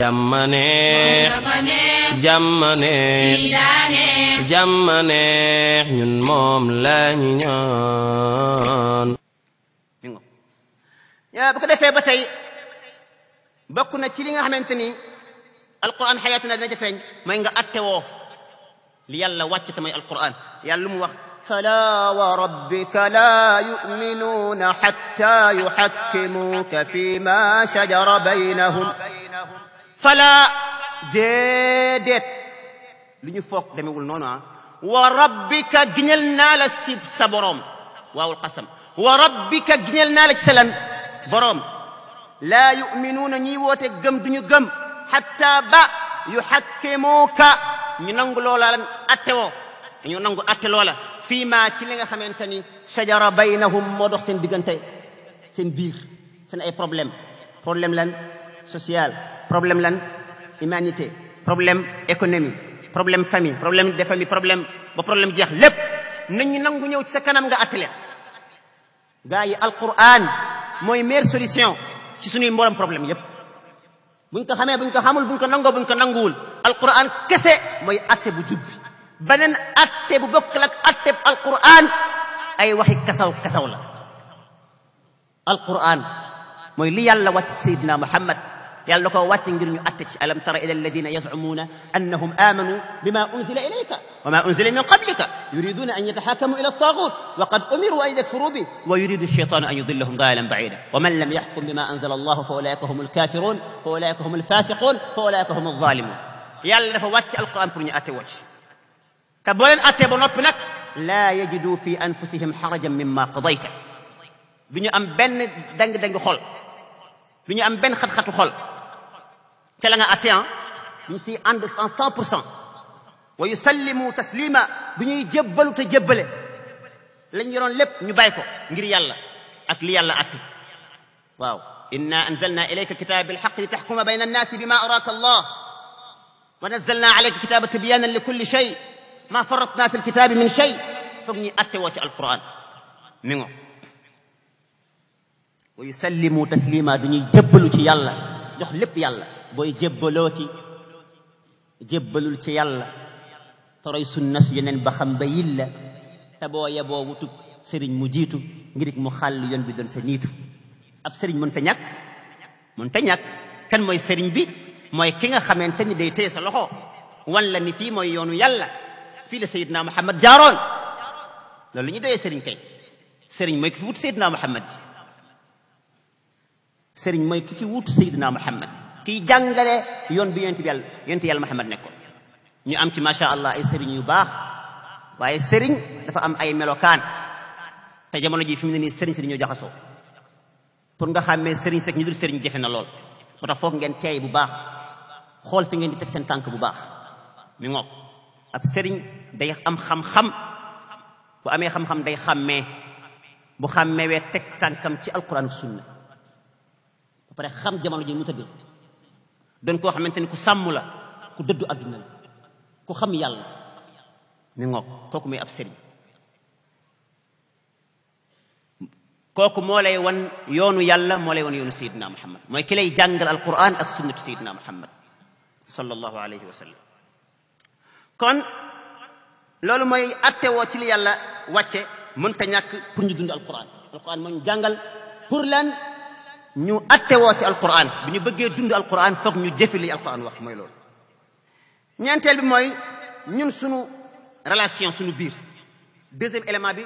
జమ్మనే jàmmane jàmmane ñun mom lañu ñaan bu ko defee ba tey bokk na ci li nga xamante ni alquran xayaatuna dina jafeeñ mooy nga attewoo li yàlla wàcc te mooy alquran yàlla lu mu wax فلا وربك لا يؤمنون حتى يحكموك فيما شجر بينهم فلا ديدت لي فوق دامي ول نونو وربك جنلنا لسيب صبروم واو القسم وربك جنلنا لك سلن بروم لا يؤمنون ني ووت جم دنيو جم حتى با يحكموك ني نانگ لولا لن اتيو ني نانگ اتي لولا فيما تي ليغا خامتاني شجره بينهم مودخ سين ديغنتي سين بير سين اي بروبليم بروبليم لان سوسيال problème lan humanité problème économie problème famille problème de famille problème ba problème jeex lépp nañ ñu nangu ñëw ci sa kanam nga atlé gaay al qur'an moy meilleure solution ci suñu mbolam problème yépp buñ ko xamé buñ ko xamul buñ ko nango buñ ko nangul al qur'an kessé moy atte bu jubbi benen atte bu bokk lak atte al qur'an ay waxi kassaw kassaw la al qur'an moy li yàlla wàcc ci sayyidina muhammad يلا كو واتي نجر نؤتش ألم ترى إلى الذين يزعمون أنهم آمنوا بما أنزل إليك وما أنزل من قبلك يريدون أن يتحاكموا إلى الطاغوت وقد أمروا أن يكفروا به ويريد الشيطان أن يضلهم ضالا بعيدا ومن لم يحكم بما أنزل الله فأولئك هم الكافرون فأولئك هم الفاسقون فأولئك هم الظالمون يلا كو واتي القرآن كرني أتي واتش كبولن أتي بنك لا يجدوا في أنفسهم حرجا مما قضيته بني أم بن دنج دنج خل بني أم بن خط خط خل تلنا nga atté han ñu ci and 100% way sallimu taslima bu ñuy jébalu té jébalé lañ yoron lepp ñu bay واو إنا أنزلنا إليك الكتاب بالحق لتحكم بين الناس بما أراك الله ونزلنا عليك كتاب تبيانا لكل شيء ما فرطنا في الكتاب من شيء فقني واتي القرآن منه ويسلموا تسليما بني جبلوا يالله يخلب يالله booy ci jébbalul ci yàlla toroy sunnas su yeneen ba xam ba yilla te boo yeboo wutub sëriñ mu jiitu ngirik mu xàll yoon bi doon sa niitu ab sëriñ mën ta ñàkk mën ta ñàkk kan mooy sëriñ bi mooy ki nga xamante ni day téye sa loxo wan la ni fii mooy yoonu yàlla fii la sayidna muhammad jaaroon loolu la ñu doyee sëriñ kay sëriñ mooy ki fi wut sayidna muhammad ji sëriñ mooy ki fi wut sayidna muhammad ki jàngale yoon bi yonent bi yàlla yonent yàlla Muhammad nekkoon ñu am ci macha allah ay sëriñ yu baax waaye sëriñ dafa am ay melokaan te jamono ji fi mu ne nii sëriñ si dañoo jaxasoo pour nga xàmmee sëriñ sek ñu dul sëriñ jafe na lool moo tax foog ngeen teey bu baax xool fi ngeen di teg seen tànk bu baax mi ngoog ab sëriñ day am xam-xam bu amee xam-xam day xàmmee bu xàmmewee teg tànkam ci alquran sunna ba pare xam jamono ji mu tëddee dañ ko xamanteni ku sàmm la ku dëddu aduna ku xam yàlla ni ngok koku muy ab serigne koku mo lay won yoonu yàlla mo lay won yoonu sayyidina muhammad moy kilay jàngal alquran ak sunnat sayyidina muhammad sallallahu alayhi wa sallam kon lolou moy atté wo ci li yàlla wàcce mën ta ñak pour ñu dund alquran alquran mo ñu jàngal pour lan ñu attewoo ci alquran bi ñu bëggee dund alquran foog ñu jëfe li alquran wax mooy loolu ñeenteel bi mooy ñun sunu relation sunu biir deuxième élément bi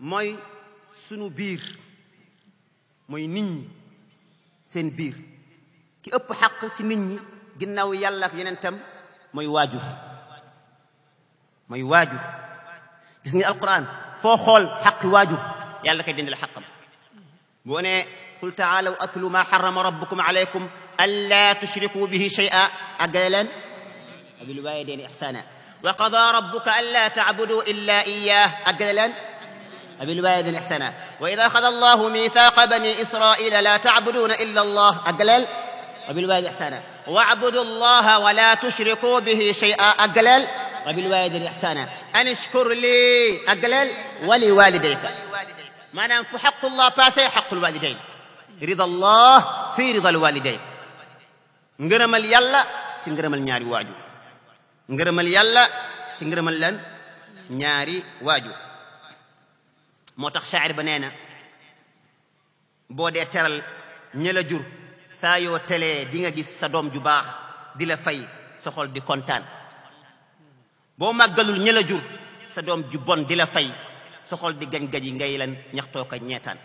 mooy sunu biir mooy nit ñi seen biir ki ëpp xaq ci nit ñi ginnaaw yàlla ak yeneen tam mooy waajur mooy waajur gis nga alquran foo xool xaqi waajur yàlla koy dindil xaqam boo nee قل تعالوا أتلوا ما حرم ربكم عليكم ألا تشركوا به شيئا أجلا وبالوالدين يعني إحسانا وقضى ربك ألا تعبدوا إلا إياه أجلا وبالوالدين يعني إحسانا وإذا أخذ الله ميثاق بني إسرائيل لا تعبدون إلا الله أجلا وبالوالدين يعني إحسانا واعبدوا الله ولا تشركوا به شيئا أجلا وبالوالدين إحسانا أن اشكر لي أقلا ولوالديك maanaam fu الله passé حق الوالدين ridallah fi ridal walidain ngërëmal yàlla ci ngërëmal ñaari waajur ngërëmal yàlla ci ngërëmal lan ñaari waajur moo tax shaacir ba nee na boo dee teral ña la saa yoo telee di nga gis sa doom ju baax di fay soxol di kontaan boo màggalul ña la sa doom ju bon di fay soxol di gañ gaji ngay lan ñaxtoo ko ñeetaan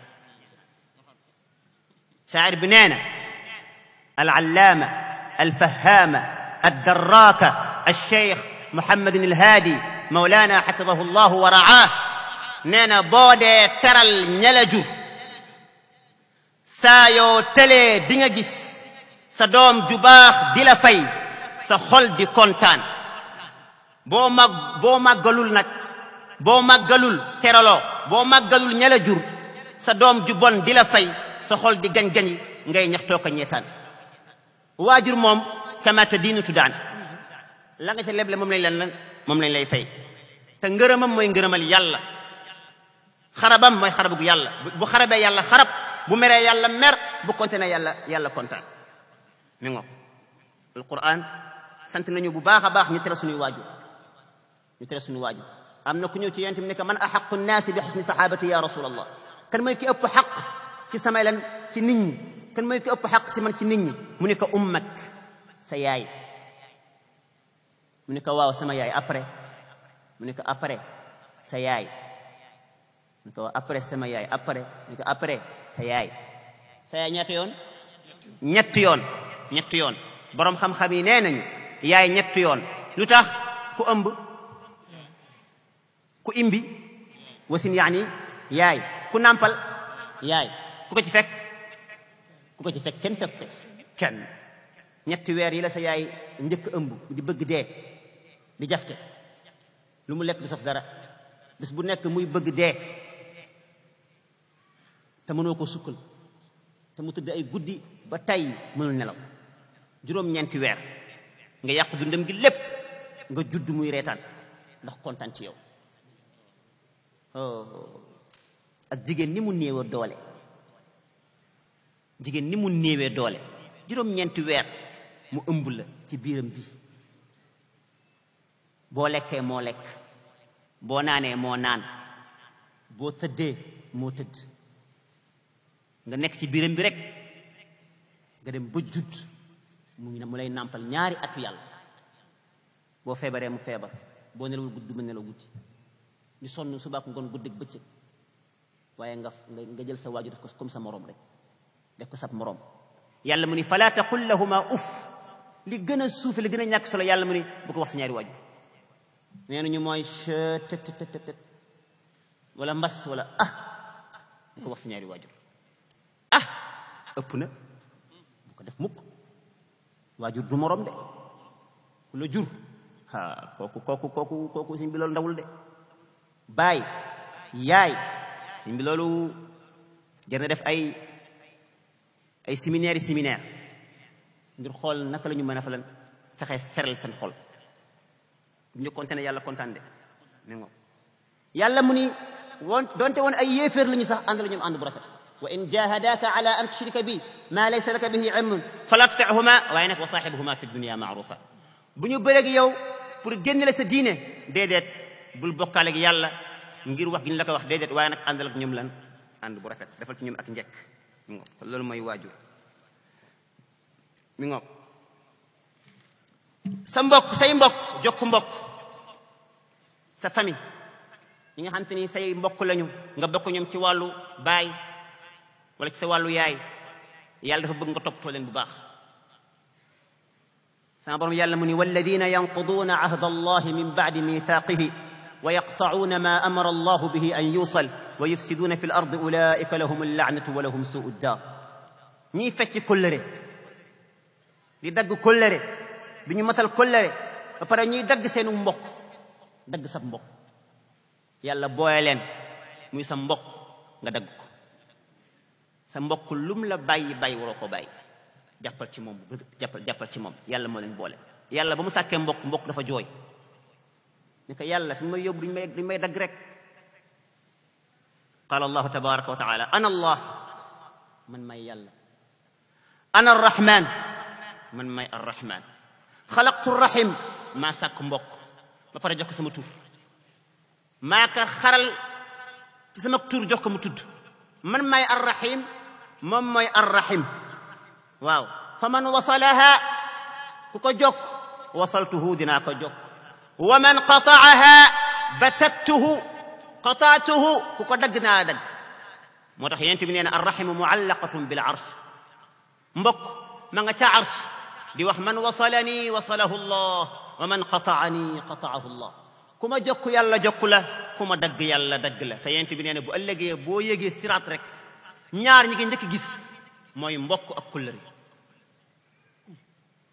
شاعر بنانه العلامه الفهامه الدراكه الشيخ محمد الهادي مولانا حفظه الله ورعاه نانا بودي ترى النلجو سايو تلي دينجس سدوم جباخ ديلا فاي سخول دي كونتان بو ماك بو ماك غلول نك بو ماك غلول تيرالو بو ماك غلول سدوم جبون ديلا sa xol di gañ gañi ngay ñax toog a ñeetaan waajur moom kamata diinatu daan la nga ca leble moom lañ lan moom lañ lay fay te ngërëmam mooy ngërëmal yàlla xarabam mooy xarabugu yàlla bu xarabee yàlla xarab bu meree yàlla mer bu kontaanee yàlla yàlla kontaan mi ngo alquran sant nañu bu baax a baax ñu tere suñuy waajur ñu tere suñuy waajur am na ku ñëw ci yonent bi ne man axaqu nnaasi bi xusni saxaabati ya rasul allah kan mooy ki ëpp xaq ci sama lan ci nit ñi kan mooy ki ëpp xaq ci man ci nit ñi mu ne ko ummak sa yaay mu ne ko waaw sama yaay après mu ne ko après sa yaay mu ne ko après sama yaay après mu ne ko après sa yaay sa yaay ñetti yoon ñetti yoon ñetti yoon boroom xam yi nee nañu yaay ñetti yoon lu tax ku ëmb ku imbi wasin yaani yay ku nàmpal yay ku ko ci fekk ku ko ci fekk kenn fekk ken ci kenn yi la sa yaay njëkk ëmb di bëgg di jafte lu mu lekk du dara bis bu nekk muy bëgg dee te mënoo ko sukkal te mu tëdd ay guddi ba tey mënul nelaw juróom ñeenti weer nga yàq dundam gi lépp nga judd muy ndax ci yow oh. ak ni mu néewa doole jigéen ni mu néewee doole juróom-ñeenti weer mu ëmb la ci biiram bi boo lekkee moo lekk boo naanee moo naan boo tëddee moo tëdd nga nekk ci biiram bi rek nga dem ba judd mu ne mu lay nàmpal ñaari ak yal boo feebaree mu feebar boo nelawul gudd mu nelaw guddi ñu sonn subaak ngoon guddi bëccëg waaye nga nga jël sa waajur def comme sa moroom rek def ko sab moroom yàlla mu ni fala taqul lahuma uff li gën a suufe li gën a ñàkk solo yàlla mu ni bu ko wax sa ñaari waajur nee nañu mooy chëtëtëtët wala mbas wala ah bu ko ñaari waajur ah ëpp na bu ko def mukk waajur du moroom de ku jur a kooku kooku kooku ndawul de baay yaay suñ bi def ay ay séminaire yi séminaire ngir xool naka la ñu mën a fa lan fexe seral seen xol ñu kontaane yàlla kontaan de mais moom yàlla mu ni woon donte woon ay yéeféer la ñu sax ànd la ñoom ànd bu rafet wa in jahadaka ala an tushrika bi ma laysa laka bihi ilmun fala tutihuma waaye nag wa saaxibuhuma fi dunia maarufa bu ñu bëreeg yow pour génn la sa diine déedéet bul bokkaale ak yàlla ngir wax gi ñu la ko wax déedéet waaye nag àndal ak ñoom lan ànd bu rafet defal ci ñoom ak njekk mi ngoog kon loolu mooy waajur mi ngoog sa mbokk say mbokk jokk mbokk sa famille ñi nga xam te ni say mbokk lañu nga bokk ñoom ci wàllu baay wala ci sa wàllu yaay yàlla dafa bëgg nga toppatoo leen bu baax sama borom yàlla mu ni walladina yanquduuna ahda allahi min baadi mithaqihi ويقطعون ما امر الله به ان يوصل ويفسدون في الارض اولئك لهم اللعنه ولهم سوء الدار نيفتي فتي كولري لي دغ كولري بني متال كولري بارا ني دغ سينو مبوك دغ سا مبوك يالا بويلن موي سا مبوك غا دغ كو سا مبوك لا باي باي وروكو باي جابال سي موم جابال جابال سي موم يالا مولن بولن يالا بامو ساكي مبوك مبوك فا جوي ni ko yàlla fi may yóbbu may duñ may dagg rek qala allahu tabaraka wa taala ana allah man may yàlla ana arrahman man may arrahman xalaqtu rahim maa sàkk mbokk ba pare jox ko sama tur maa ka xaral ci sama tur jox ko mu tudd man may arrahim moom mooy arrahim waaw fa man wasalaha ku ko jokk wasaltuhu dinaa ko jokk ومن قطعها بتته قطعته كقدقنا دق مرخي أنت من الرحم معلقة بالعرش مبك من عرش لوح من وصلني وصله الله ومن قطعني قطعه الله كما جك يلا جك له كما دق يلا دق له تي أنت من أنا بقول لك بو يجي سرعت رك نار نيجي نك جس ما يمبك أكل ري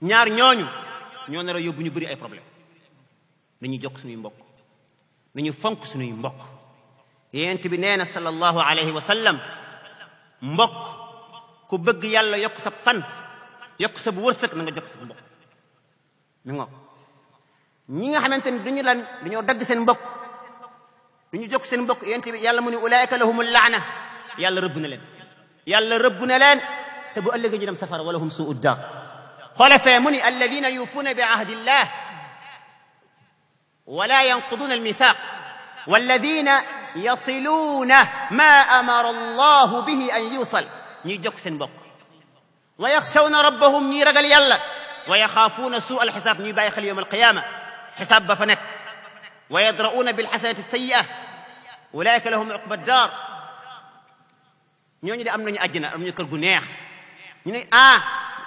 نار نيونو نيونو رأيو بني بري أي problem nañu jox suñu mbokk nañu fonk suñu mbokk yent bi neena sallallahu alayhi wa sallam mbokk ku bëgg yàlla yok sa fan yok sa bu wërsëg na nga jox sa mbokk mi ngoog ñi nga xamanteni duñu lan dañu dagg seen mbokk duñu jox seen mbokk yent bi yàlla mu ni ulaika lahum la'na yàlla rëbb na len yàlla rëbb na len te bu ëllëgë ñu dem safar wala hum suu uddaar xoole fee mu ni alladina yuufuuna ولا ينقضون الميثاق والذين يصلون ما أمر الله به أن يوصل نيجوكسن بوك ويخشون ربهم نيرغل يلا ويخافون سوء الحساب نيبايخ اليوم القيامة حساب بفنك ويدرؤون بالحسنة السيئة أولئك لهم عقب الدار نيوني لأمن أجنا أمن يكل قنيخ آه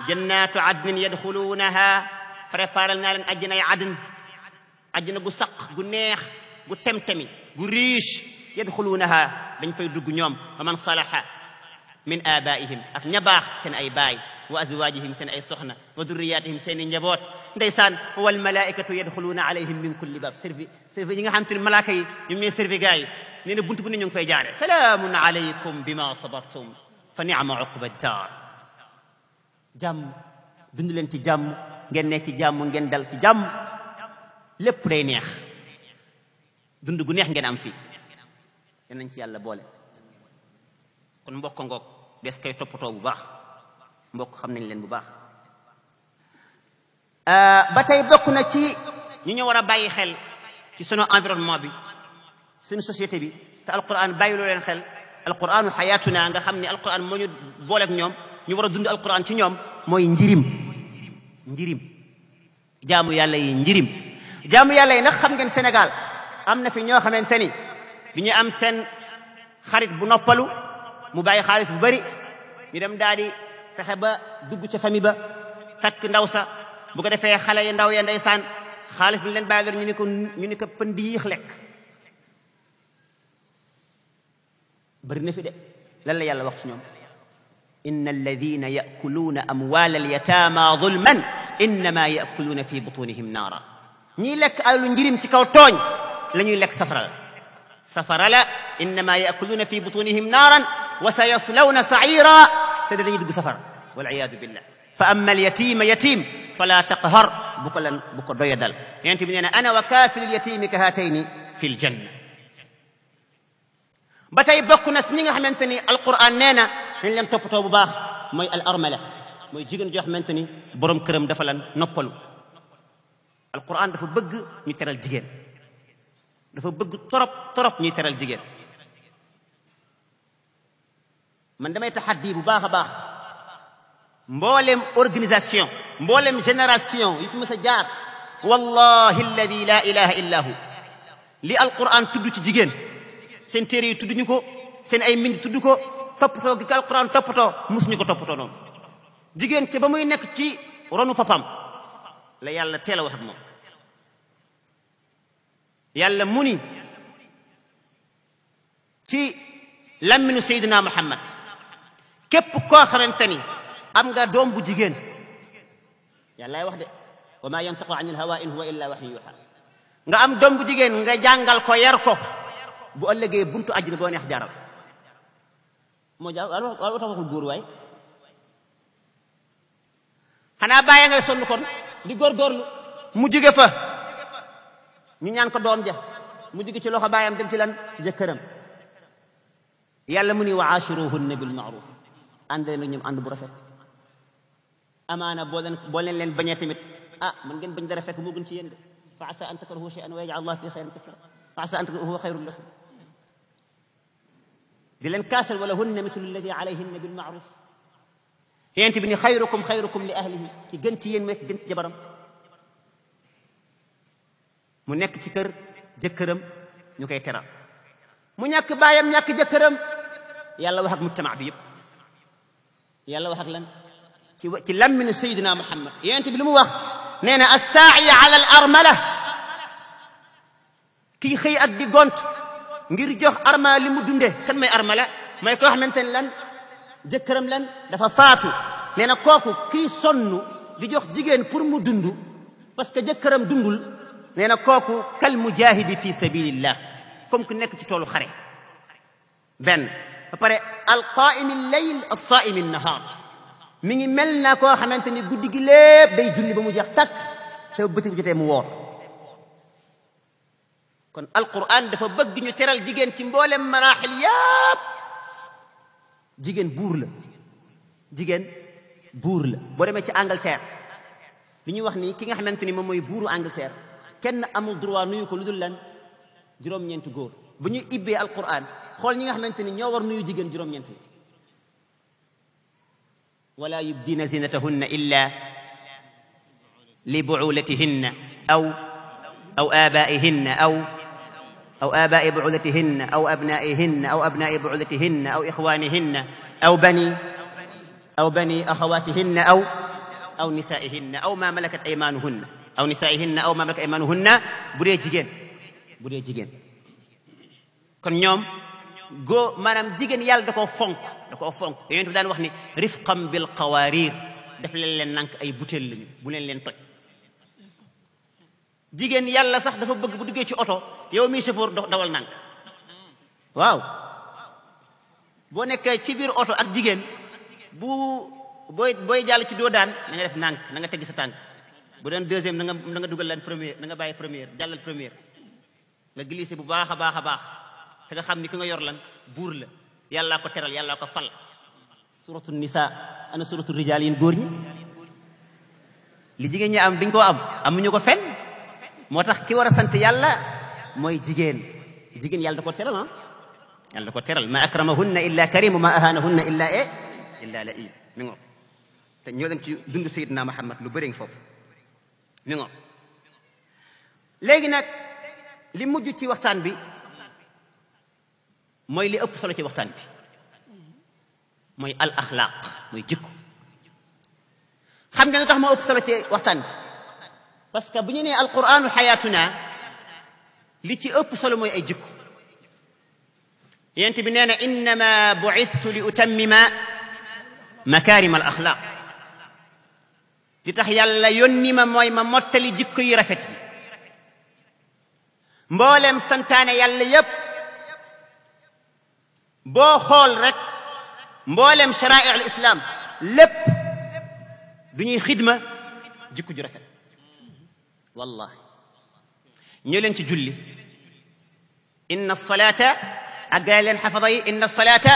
جنات عدن يدخلونها فرفارلنا لن أجنا عدن àjjana gu saq gu neex gu temtemi gu riche yadkhulunaha dañ fay dugg ñom man salaha min abaihim ak ña baax ci seen ay baay wa azwajihim seen ay soxna wa durriyatihim seen i njaboot wal malaikatu yadkhuluna alayhim min kulli bab servi servi yi nga xamanteni te malaaka yi ñu me servi gaay yi nee na bu ne ñu fay jaare salaamun alaykum bima sabartum fa ni'ma uqba dar jam dund len ci jam ngeen ne ci jam ngeen dal ci jam lépp day neex dund gu neex ngeen am fi yal nañ ci yàlla boole kon mbokk ngok bes kay toppatoo bu baax mbokk xam nañ leen bu baax ba tey bokk na ci ñu ñu wara bàyyi xel ci sunu environnement bi sunu société bi ta alquran bàyyi lu leen xel alquran hayatuna nga xamni alquran moñu boole ak ñom ñu wara dund alquran ci ñom moy njirim njirim jaamu yàlla yi njirim jaamu yàlla nak xam ngeen Sénégal amna fi ño xamanteni ni ñu am sen xarit bu noppalu mu baye xaliss bu bari ñu dem daali fexe ba dugg ci fami ba tak ndaw sa bu ko defé xale yi ndaw ya ndeysaan xaalis bi ñu leen bàyyi ñu ni ko ñu ni ko pëndiix lekk bari na fi de lan la yàlla wax ci ñom إن الذين يأكلون أموال اليتامى ظلما إنما يأكلون في بطونهم نارا ñi lek alu njirim ci kaw togn lañuy lek safara safara la inma yaakuluna fi butunihim naran wa sayaslawna saira te dañuy dug safara wal waliyadu billah fa ama alyatima yatim fala taqhar bu ko lan bu ko dal yent bi neena ana wa kafil al yatim ka haatayni fi al janna batay bokk na si nga xamanteni al qur'an neena dañ leen topato bu baax moy al armala moy jigen jo xamanteni borom kërëm dafa lan noppalu القران دافو بغ ني تيرال جيجين دافو بغ طرب طرب ني تيرال جيجين من داماي تحدي بو باخا باخ مبولم اورغانيزاسيون مبولم جينيراسيون يف مسا جار والله الذي لا اله الا هو لي القران تودو سي جيجين سين تيري تودو نيكو سين اي ميند تودو كو توبتو كي القران توبتو موس نيكو توبتو نون جيجين تي باموي نيك تي رونو بابام la yàlla teel a wax ak moom yàlla mu ni ci làmminu seydina muhammad képp koo xamante ni am nga doom bu jigéen yàllaay wax de wa ma yantiqu anil hawa in huwa illa waxyu yuha nga am doom bu jigéen nga jàngal ko yar ko bu ëllëgee buntu àjjana boo neex jaral moo ja wala wala waxul góor waay xanaa bàyyi ngay sonn kon di gor góorgóorlu mu jige fa ñu ñaan ko doom ja mu jige ci loxo bayam dem ci lan jëkkëram yàlla mu ni wa aashiruhunna bil ma'ruf ande lu ñum ànd bu rafet amana bo len bo len len bañe tamit ah man ngeen bañ dara fek mo gën ci yéen de fa asa an takrahu shay'an wa yaj'al allah fi khayrin kathira fa asa an huwa khayrul lakum di leen kaasal wala hunna mithlu alladi alayhinna bil ma'ruf هنت بني خيركم خيركم لأهله كي جنتين ميت جنت جبرم منك تكر جكرم نكاي ترى منك بايم نك جكرم يا وحق مجتمع بيب يلا الله وحق لن تلم من سيدنا محمد يا انت بالموخ نينا الساعي على الأرملة كي خي أدي جونت نجري جوخ أرملة لمدندة كان ما أرملة ما يكوح من تلن jëkkëram lan dafa faatu nee na kooku kii sonn di jox jigéen pour mu dund parce que jëkkëram dundul nee na kooku kal mujahidi fi sabilillah comme ku nekk ci toolu xare benn ba pare al qaimi leyl al saimi nahar mi ngi mel na koo xamante ni guddi gi lépp day julli ba mu jeex takk te bëti bu jotee mu woor kon alquran dafa bëgg ñu teral jigéen ci mboolem maraaxil yépp jigen bour la jigen bour la bo demé ci Angleterre li ñu wax ni ki nga xamanteni mom moy bouru Angleterre kenn amul droit nuyu ko luddul lan juroom ñent góor bu ñu ibé alquran xol ñi nga xamanteni ño war nuyu jigen juroom ñent ولا يبدين زينتهن إلا لبعولتهن أو أو آبائهن أو أو آباء بعولتهن أو أبنائهن أو أبناء بعولتهن أو إخوانهن أو بني أو بني أخواتهن أو أو نسائهن أو ما ملكت أيمانهن أو نسائهن أو ما ملكت أيمانهن bu dee jigéen bu dee jigéen kon ñoom góo maanaam jigéen yàlla da koo fonk da koo fonk yonent bi daan wax ni rifqan bil qawarir daf leen leen nank ay butéel lañu bu leen leen toj jigéen yàlla sax dafa bëgg bu duggee ci oto yow mi chauffeur dawal nank waaw bo nek ci bir auto ak jigen bu boy boy jall ci do daan na nga def nank na nga tegg sa tank bu den deuxième na nga na nga duggal len premier na nga baye premier dalal premier nga glisser bu baakha a baax te nga xamni ki nga yor lan bour la yalla ko teral yalla ko fal suratul nisa ana suratul rijal yin góor li jigen ñi am biñ ko am ñu ko fen motax ki wara sante yalla mooy jigéen jigéen yàlla da ko teral ah yàlla da ko teral ma akramahunna illa karim ma ahanahunna illa e illa la i mi ngo te ñoo dem ci dund sayidna muhammad lu bëri foofu mi ngo léegi nag li mujj ci waxtaan bi mooy li ëpp solo ci waxtaan bi mooy al axlaaq mooy jikko xam nga nga tax moo ëpp solo ci waxtaan bi parce que bu ñu nee alquranu xayatuna li ci ëpp solo mooy ay jikko yent bi nee na innama bu'ithtu li utammima makarim al axlaaq li tax yàlla yónni ma mooy ma mottali jikko yu rafet yi mboolem santaane yàlla yépp boo xool rek mboolem shara'i al islam lépp du ñuy xidma jikko ju rafet wallahi ñoo leen ci julli inna salata ak gaa yi leen xafada yi inna salata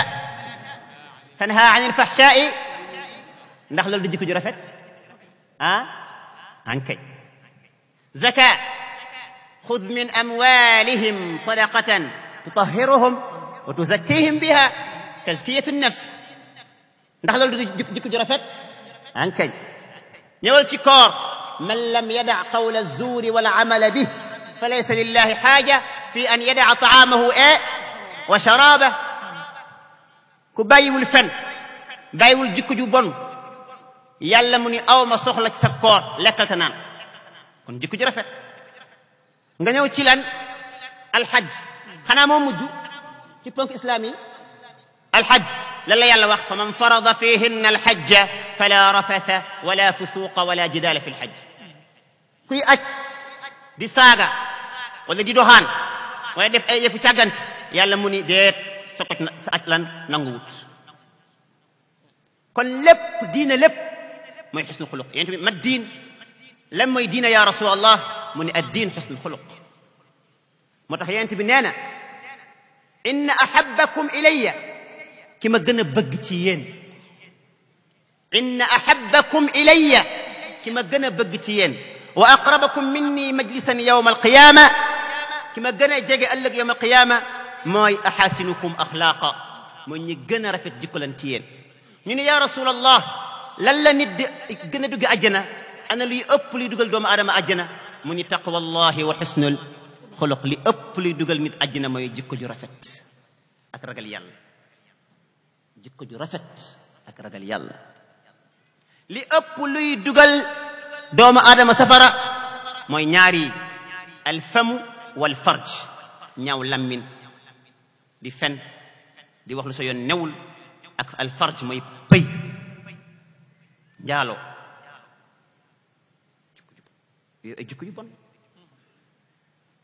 tanha an ilfahshai ndax loolu du jikko ju rafet ah ankay zaka xud min amwalihim sadaqatan tutahiruhum wa tuzakkihim biha tazkiyatu nafs ndax loolu du jikko ju rafet ankay ñëwal ci koor man lam yada qawla zuuri wal amala bih فليس لله حاجة في أن يدع طعامه إيه وشرابه كبايو الفن بايو الجيك جوبون يلمني أو ما صخلك سكور لك تنام كن جيك جرفة نغنيو تلان الحج أنا مو موجو تبونك إسلامي الحج للا يلا وقف فمن فرض فيهن الحج فلا رفث ولا فسوق ولا جدال في الحج كي أك di saga wala di dohan way def ay yëfu càggant yàlla muni ni sokot na sa aj lan nanguwut kon lépp diine lépp moy husnul khuluq yent bi mat diin lan mooy diine ya rasul allah muni ad din husnul khuluq motax yent bi neena in ahabbakum ilayya kima gëna bëgg ci yéen in ahabbakum ilayya kima gëna bëgg ci yéen واقربكم مني مجلسا يوم القيامه كما جنا جيجي قال لك يوم القيامه ماي احاسنكم اخلاقا من جنا رفت ديكولنتين من يا رسول الله لالا ند جنا دوغ اجنا انا لي أبلي لي دوغل دوم ادم اجنا من تقوى الله وحسن الخلق لي اوب لي دوغل نيت اجنا ماي جيكو جو رفت اك جرفت يالا جيكو جو لي اوب لي doomu aadama safara mooy ñaari alfamu wal farj ñaaw lammin di fen di wax lu sa yoon newul ak alfarj mooy pëy njaaloo yooyu ay jikko yu bon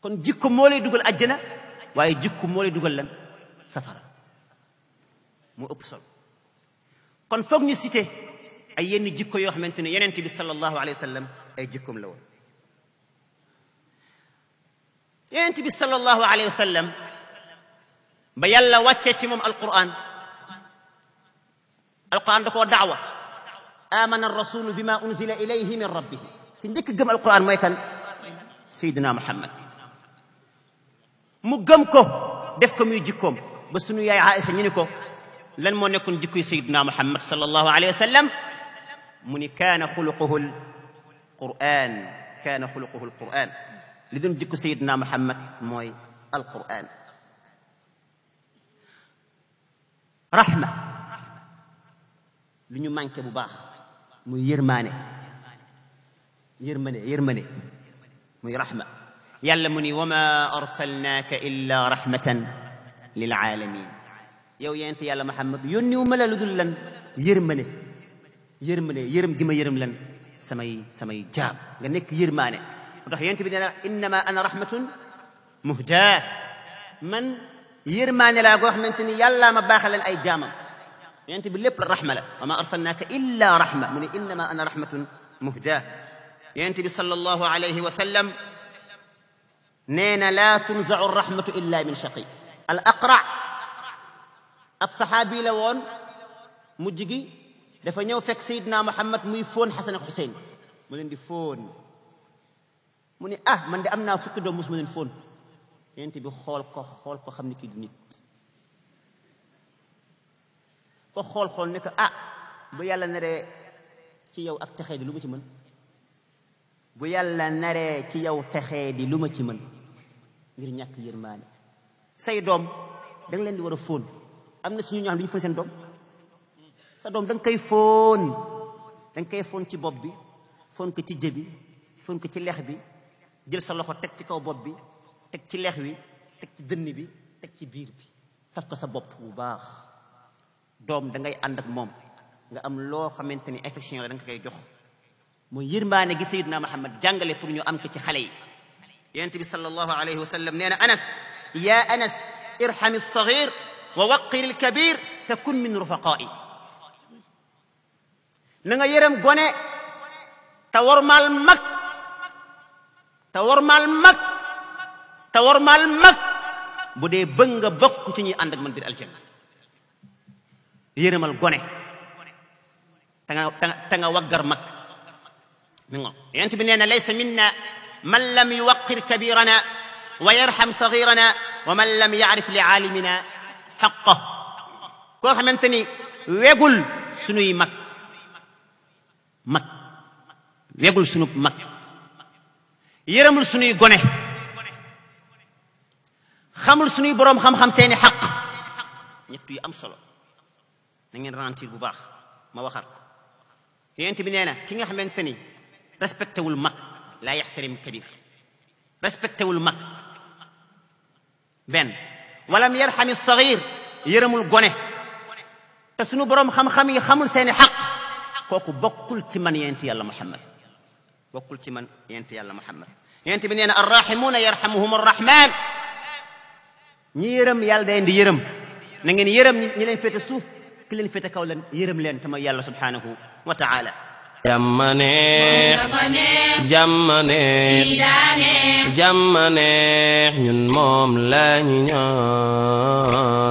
kon jikko moo lay dugal àjjana waaye jikko moo lay dugal lan safara moo ëpp solo kon foog ñu cité ay yenn jikko yoo xamante ne yonent bi sallallahu alayhi wa sallam ay jikkoom la woon yonent bi sallallahu alayhi wa sallam ba yàlla wàccee ci moom alquran alquran da koo daawa amana arrasulu bima unzila ilayhi min rabbihi ki njëkk gëm alquran mooy kan sayidina muhammad mu gëm ko def ko muy jikkoom ba sunu yaay aïsa ñu ni ko lan moo nekkoon jikkoy sayidina muhammad sallallahu alayhi wa sallam من كان خلقه القرآن كان خلقه القرآن لذن جيكو سيدنا محمد موي القرآن رحمة لن يمانك باخ موي يرماني يرماني يرماني موي رحمة يلمني وما أرسلناك إلا رحمة للعالمين يو ينتي يلا محمد يوني وملا لذلا يرماني yërmande yërëm gi ma yërëm lan samay samay jaam nga nekk yërmaane moo tax yonent bi nee na innama ana rahmatun muhda man yërmaane laa goo xamante ni yàllaa ma baaxaleel ay jaamam yonent bi lépp la rahma la wa ma arsalnaaka illa rahma mu ne innama ana rahmatun muhda yonent bi sallallahu alayhi wa sallam nee na laa tunzau rahmatu illa min shaqi al aqra ab saxaabi la woon mujj gi dafa ñëw fekk sayidna muhammad muy fon hasan ak hussein mu len di fon mu ni ah man de amna fukk do mus mu len fon yent bi xol ko xol ko xamni ki du nit ko xol xol ne ko ah bu yàlla nare ci yow ak taxé di lu ma ci man bu yàlla nare ci yow taxé di lu ma ci man ngir ñak yermane say dom da nga len di wara fon amna suñu ñu xam li du sen dom sa doom dang nga koy fóon da nga koy fóon ci bop bi fon ko ci jëbi fon ko ci lex bi jël sa loxo tek ci kaw bop bi tek ci lex wi tek ci dënn bi tek ci biir bi taf ko sa bop bu baax doom da ngay ànd ak mom nga am lo xamanteni affection la da nga koy jox mooy yërmaane gi sayyidna Muhammad jàngale pour ñu am ko ci xale yi yent bi sallallahu alayhi wasallam neena anas ya anas irham as-saghir wa waqir kabir takun min rufaqa'i na nga yërëm gone te wormaal mag te wormaal mag te wormaal mag bu dee bëgg nga bokk ci ñuy ànd ak man bir aljanna yërëmal gone ta nga ta nga waggar mag mi ngo yent bi nee laysa minna man lam yuwaqir kabirana wa yarham saghirana wa man lam ya'rif li 'alimina haqqahu ko xamanteni wegul sunuy mag mag wegul sunu mag yërëmul sunuy gone xamul sunuy boroom xam-xam seeni xaq ñett yu am solo na ngeen ralentir bu baax ma waxaat ko yonent bi nee na ki nga xamante ni respecté wul mag laa yaxtarim kabir respecté wul mag benn walam yarxami sagir yërëmul gone te sunu boroom xam-xam yi xamul seeni xaq kooku bokkul ci man yent yàlla muhammad bokkul ci man yent yàlla muhammad yent bi nee na arrahimuuna yarhamuhum arrahman ñi yërëm yàlla day di yërëm na ngeen yërëm ñi leen féete suuf ki leen féete kaw leen yërëm leen te mooy yàlla subhanahu wa taala jammane jammane jammane ñun moom lañu ñaan